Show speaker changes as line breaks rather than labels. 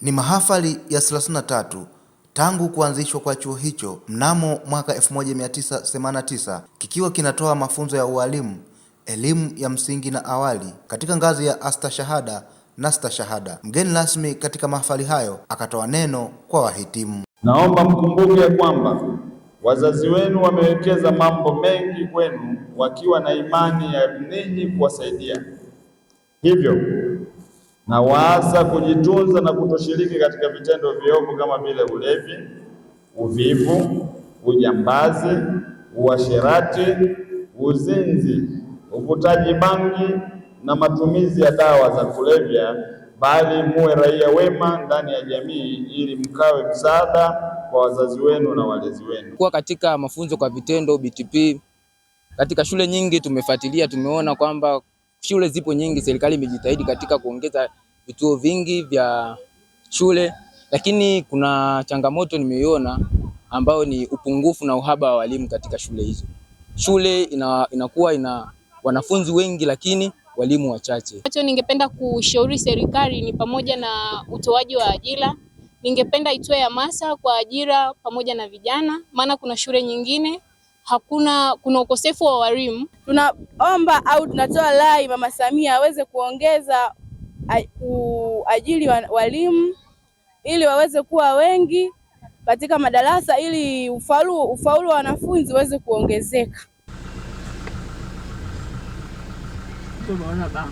Ni mahafali ya 33 tangu kuanzishwa kwa chuo hicho mnamo mwaka 1989 kikiwa kinatoa mafunzo ya ualimu, elimu ya msingi na awali katika ngazi ya astashahada na stashahada. Mgeni rasmi katika mahafali hayo akatoa neno kwa wahitimu.
Naomba mkumbuke kwamba wazazi wenu wamewekeza mambo mengi kwenu, wakiwa na imani ya ninyi kuwasaidia, hivyo na waasa kujitunza na kutoshiriki katika vitendo viovu kama vile ulevi, uvivu, ujambazi, uasherati, uzinzi, uvutaji bangi na matumizi ya dawa za kulevya, bali muwe raia wema ndani ya jamii ili mkawe msaada kwa wazazi wenu na walezi wenu.
Kuwa katika mafunzo kwa vitendo BTP katika shule nyingi, tumefuatilia tumeona kwamba shule zipo nyingi, serikali imejitahidi katika kuongeza vituo vingi vya shule, lakini kuna changamoto nimeiona ambayo ni upungufu na uhaba wa walimu katika shule hizo. Shule ina, inakuwa ina wanafunzi wengi lakini walimu wachache.
Hacho ningependa kushauri serikali ni pamoja na utoaji wa ajira. Ningependa itoe hamasa kwa ajira pamoja na vijana, maana kuna shule nyingine hakuna, kuna ukosefu wa walimu.
Tunaomba au tunatoa rai Mama Samia aweze kuongeza uajili wa walimu ili waweze kuwa wengi katika madarasa ili ufaulu ufaulu wa wanafunzi uweze kuongezeka. 就罗了吧。